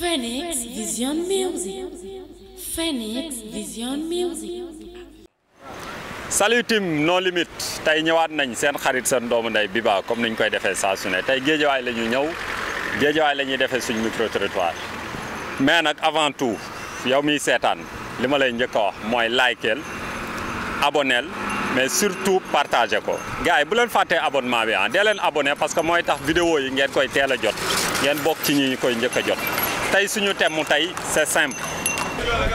Phoenix Vision Music. Phoenix Vision Music. Salut team No Limit tey ñëwaat nañ seen xarit seen doomu ndey Biba comme niñ koy defee saa su Tay tey géejawaay la ñu ñëw géejawaay la ñuy defee suñ micro territoire mais nag avant tout yow miy seetaan li ma lay njëkk a wax mooy likeel aboneel mais surtout partager ko gars yi bu leen fàttee abonnement bi ah dee leen abonné parce que mooy tax vidéo yi ngeen koy teel a jot ngeen bokk ci ñi ñu koy njëkk a jot tey suñu thème mu tey c'est simple.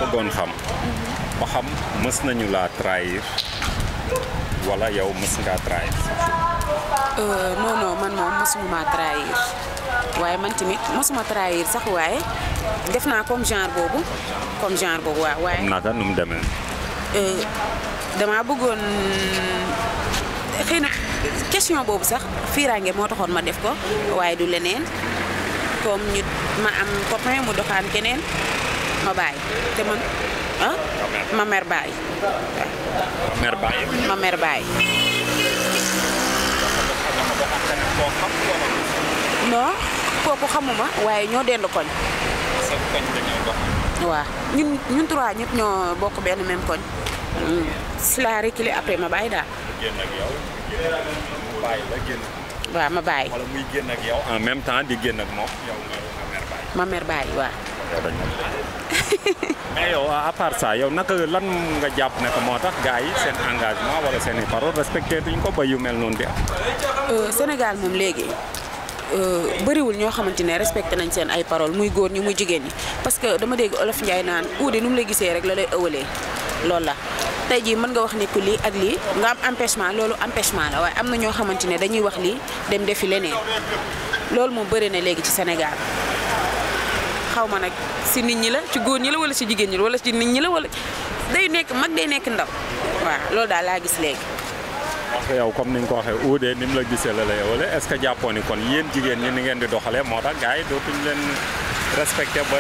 bëggoon xam ba xam mës nañu laa trahir wala yow mës ngaa trahir. Euh, non man moom mësuñu trahir waaye man tamit mësuma trahir sax waaye def naa comme genre boobu comme genre boobu waaye. naka nu mu demee. Euh, damaa bëggoon xëy na question boobu sax fiiraange moo taxoon ma def ko waaye du leneen. comme ñu ma am copain mu doxaan keneen ma bàyyi te man ah. ma mer bàyyi. ma mer bàyyi. ma mer bàyyi. xamuma waaye ñoo dend koñ. waaw ñun ñun trois ñëpp bokk benn même koñ. si mm. laa reculé après ma bàyyi daal. waaw ma bàyyi. wala muy génn ak yow en même temps di génn ak moom yow nga mer bàyyi. ma mer bàyyi waaw. mais yow à part ça yow naka lan nga jàpp ne moo tax gars yi seen engagement wala seen i parole respecté tuñ ko ba yu mel noonu di am. Euh, Sénégal moom léegi. Euh, bëriwul ñoo xamante ne respecté nañ seen ay parole muy góor ñi muy jigéen ñi parce que dama dégg olof Njaay naan uude nu mu lay gisee rek la lay ëwalee loolu la tey jii mën nga wax ne que lii ak lii nga am empêchement loolu empêchement la waaye am na ñoo xamante ne dañuy wax lii dem defi leneen loolu moom bëri na léegi ci Sénégal xaw ma nag si nit ñi la ci góor ñi la wala si jigéen ñi la wala si nit ñi la wala day nekk mag day nekk ndaw waaw loolu daal laa gis léegi parce yow comme ni ko la la est ce que kon ñi ni ngeen di doxalee moo tax gars yi dootuñ respecté ba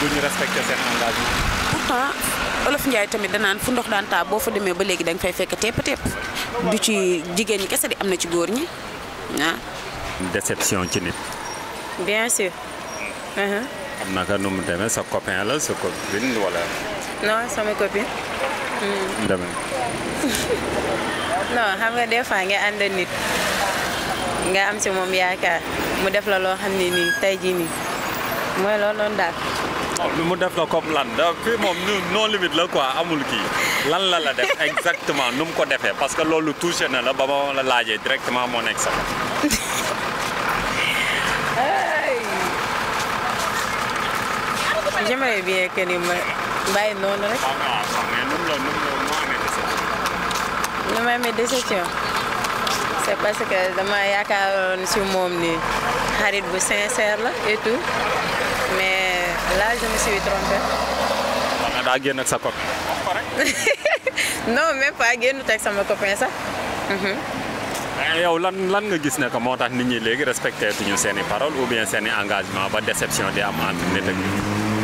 duñu respecté seen engagement pourtant olof njaay tamit danaan fu ndox daan taa boo fa demee ba léegi da fay fekk tepp tepp du ci jigéen ñi kese di am ci góor ñi ah déception ci nit bien sûr mm. uh-huh. xam naka nu mu demee sa copain la sa copine wala non sama copine demee non xam nga des fois nga ànd nit nga am si moom yaakaar mu def la loo xam ne nii tey jii nii mooy loolu noonu daal. Oh, mu def la comme lan da moom non limite la quoi amul kii lan la la def exactement nu mu ko defee parce que loolu touché na la ba ma la laajee directement moo nekk sax. j'aimerais bien que ni ma. bàyyi Non, rek. waaw waaw xam nga moom la e moom la moo amee déception. nu ma amee déception c'est parce que dama yaakaaroon si moom ni xarit bu sincère la et tout mais là je me suis trompée. waaw nga daa génn ak sa copain. non même pas génnut ak sama copain sax. yow lan lan nga gis ne que moo tax nit ñi léegi respecté tuñu seen i parole ou bien seen i engagement ba déception di am entre nit ak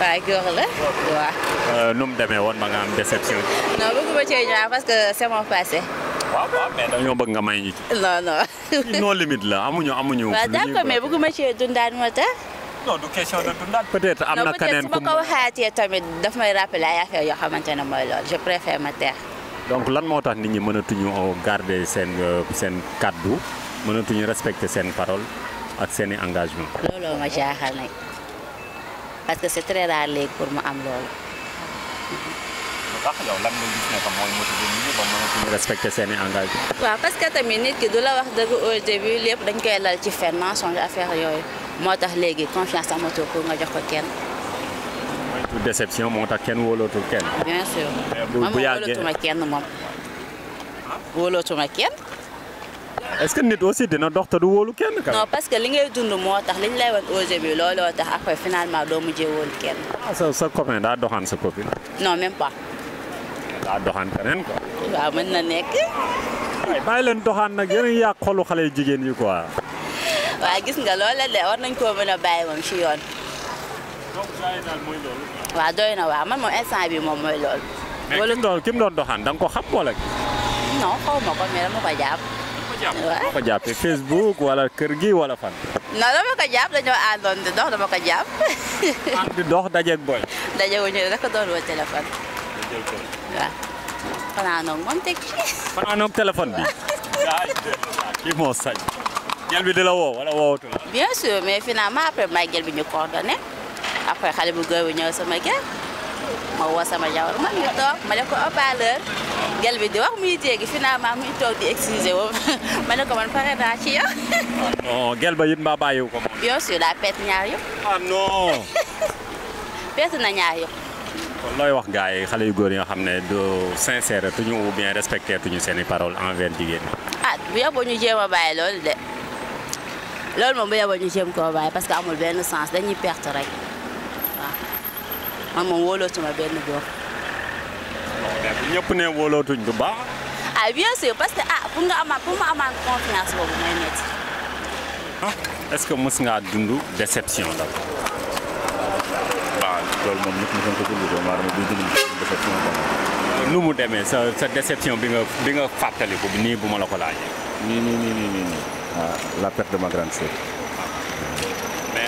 waaw góor la waaw. Euh, nu mu demee woon ba nga am déception. non bëgguma cee ñëwaat parce que c'est mon passé. waaw waaw bëgg nga may ñu ci. non la amuñu amuñu. lu ñuy waaw d'accord mais a cee moo tax. non peut-être am na keneen ma ko waxaatee tamit daf may rappeler ay affaire yoo xamante ne mooy loolu je préfère ma teex. donc lan moo tax nit ñi mënatuñu garder seen euh, seen kàddu mënatuñu respecter seen parole ak seen engagement. looloo ma jaaxal nag. parce que c'est très rare léegi pour mu am loolu. lu tax yow lan waaw parce que tamit nit ki du la wax dëgg au début lépp dañ koy laal ci fen mensonge ah, affaire yooyu moo tax léegi confiance amatul pour nga jox ko kenn. moytu déception moo tax kenn wóolootul kenn. bien sûr. bu bu yàggee kenn moom wóolootuma kenn. est que nit aussi dina dox te du wóolu kenn. non parce que li ngay dund moo tax li ñu lay wan au début looloo tax après finalement doo mujjee wóolu kenn. Ah, sa sa copain daa doxaan sa copine. non même pas. daa doxaan keneen quoi. waaw mën na nekk. waaye bàyyi leen doxaan nag yéen a ngi yàq xolu xale jigéen yi quoi. waaw gis nga loola de war nañ koo mën a bàyyi moom ci yoon. donc doy na waaw man moom instant bi moom mooy loolu. wala mais ki mu doon doxaan da ko xam wala. non xaw ma ko mais dama ko ko facebook wala kerji, gi wala fan non dama ko jàpp dañoo àndoon di dox dama ko jàpp ànd di dox boy dajewuñu rek doon wa téléphone waaw fanaanoog moom teg fanaanoog téléphone bi kii moo sañ gel bi di la wala woowatu la bien sûr mais finalement après may gel bi ñu coordonné après xale bu sama gel ma sama jawar man ñu toog ma ne ko opaleur gel ah, bi ah, di wax muy jéggi finalement muy toog di excuser woo ma ne man pare naa ci yo non gel ba yit mbaa bàyyiwu ko. yo si la pet ñaar yo ah non. pet na ñaar yëpp. kon loy wax gars yi xale yu góor yi nga xam ne sincère tuñu ou bien respecté tuñu seen i parole envers jigéen ñi. ah bu yóbboo ñu jéem a bàyyi loolu de loolu moom bu yóbboo ñu jéem koo bàyyi parce que amul sens dañuy perte rek man moom wóolootuma benn góor. ñëpp ne wóolootuñ bu baax. ah bien sûr parce que ah nga amaat confiance boobu mooy métti. ah est-ce que mës ngaa dund déception la. waaw loolu moom ñëpp mos nañ ko dund doomu aadama buy dund la. nu mu demee sa sa déception bi nga bi nga fàttaliku nii bu ma la nii nii nii nii nii nii. Ah, la perte de ma grande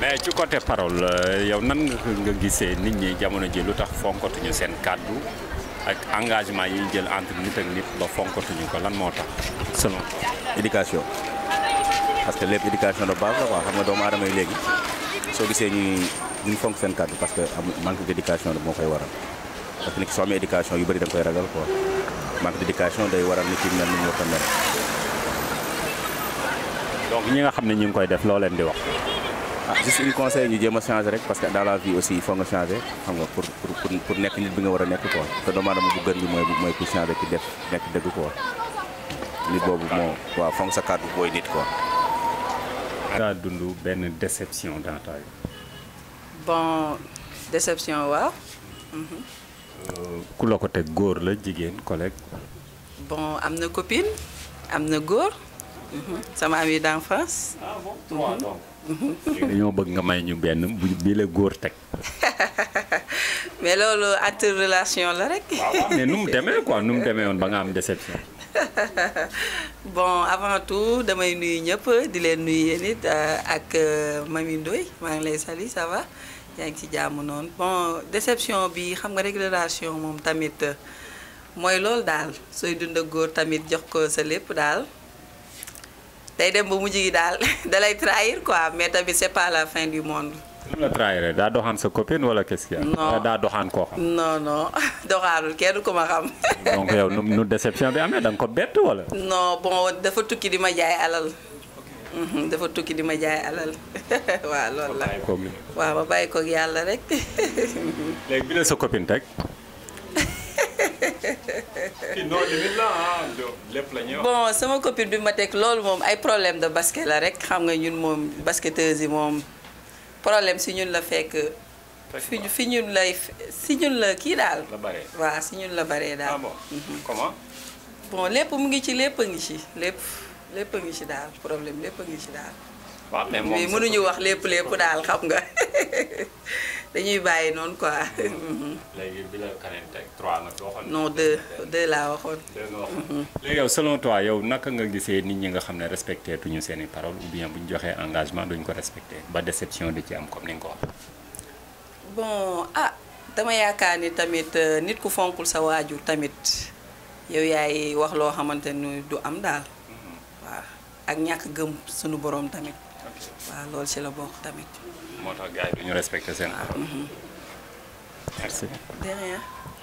mais ci côté parole euh, yow nan nga gisee nit ñi jamono ji lu tax fonkatuñu seen kàddu ak engagement yi ñu jël entre nit ak nit ba fonkatuñu ko lan moo tax selon éducation parce que lépp éducation de baax la quoi xam nga doomu adamay léegi soo gisee ñuy ñu fonk seen kàddu parce que am manque d' éducation moo koy waral parce que nit ki soo amee éducation yu bëri da koy ragal quoi manque d' day waral nit yi mel ni ñu ko mere ñi nga xam ne ñu ngi koy def loo leen di wax. ah juste une conseil ñu jéem changer rek parce que dans la vie aussi il faut nga changer xam nga pour pour pour pour nek nit bi nga wara nek nekk quoi te demande mu bu gën bi moy moy pour changer ci def nek dëgg quoi nit bobu mo wa foog sa kàddu booy nit quoi. da dundu ben déception dans ta vie. bon déception waaw. Mhm. Euh, ku la ko teg góor la jigen collègue. bon amna na copine am na -hmm. sama ami d'enfance. ah bon trois mhm. donc. Mhm. dañoo bëgg nga may la mais loolu relation la rek. mais nu mu quoi déception. bon avant tout damay nuyu ñëpp di leen nuyu yéen euh, ak euh, ngi sali ça va ngi bon déception bi xam nga relation moom tamit euh, mooy loolu dund tamit jox ko day dem ba mujj gi daal da lay trahir quoi mais tamit c'est la fin du monde. daa doxaan sa copine wala qu'est-ce daa doxaan koo xam. non non doxaanul kenn ku ma xam. donc yow nu nu bi amee da nga ko bett wala. non bon dafa tukki di ma jaay alal. Mhm, dafa tukki di ma jaay alal waaw loolu la. waaw ma bàyyi koog yàlla rek. léegi bi la sa copine teg. Ah, bon sama copine bi ma tek loolu mom ay problème de basket la rek xam nga ñun mom basketteuses yi mom problème si ñun la fekk. fi fi ñun lay si ñun la ki dal la bare waaw si ñun la bare dal ah bon mhm. comment. bon lepp mu ngi ci lepp ngi ci lepp lepp ngi ci dal problème lepp ngi ci dal wa mais mënu ñu wax lepp lepp dal xam nga. dañuy bàyyi noonu quoi. léegi bi la Kanté ak 3 yow selon toi yow naka nit ñi nga xam ne respecté tuñu seen i parole bien bu ñu joxee engagement duñ ko respecté ba déception di ci am comme ni ko bon ah dama yaakaar ni tamit euh, nit ku fonkul sa waajur tamit. yow yaay wax loo xamante ni du am daal mm-hmm. waaw ak ñàkk gëm sunu boroom tamit waaw loolu ci la bokk tamit. moo tax gars yi du ñu respecté seen parole. Mhm. merci.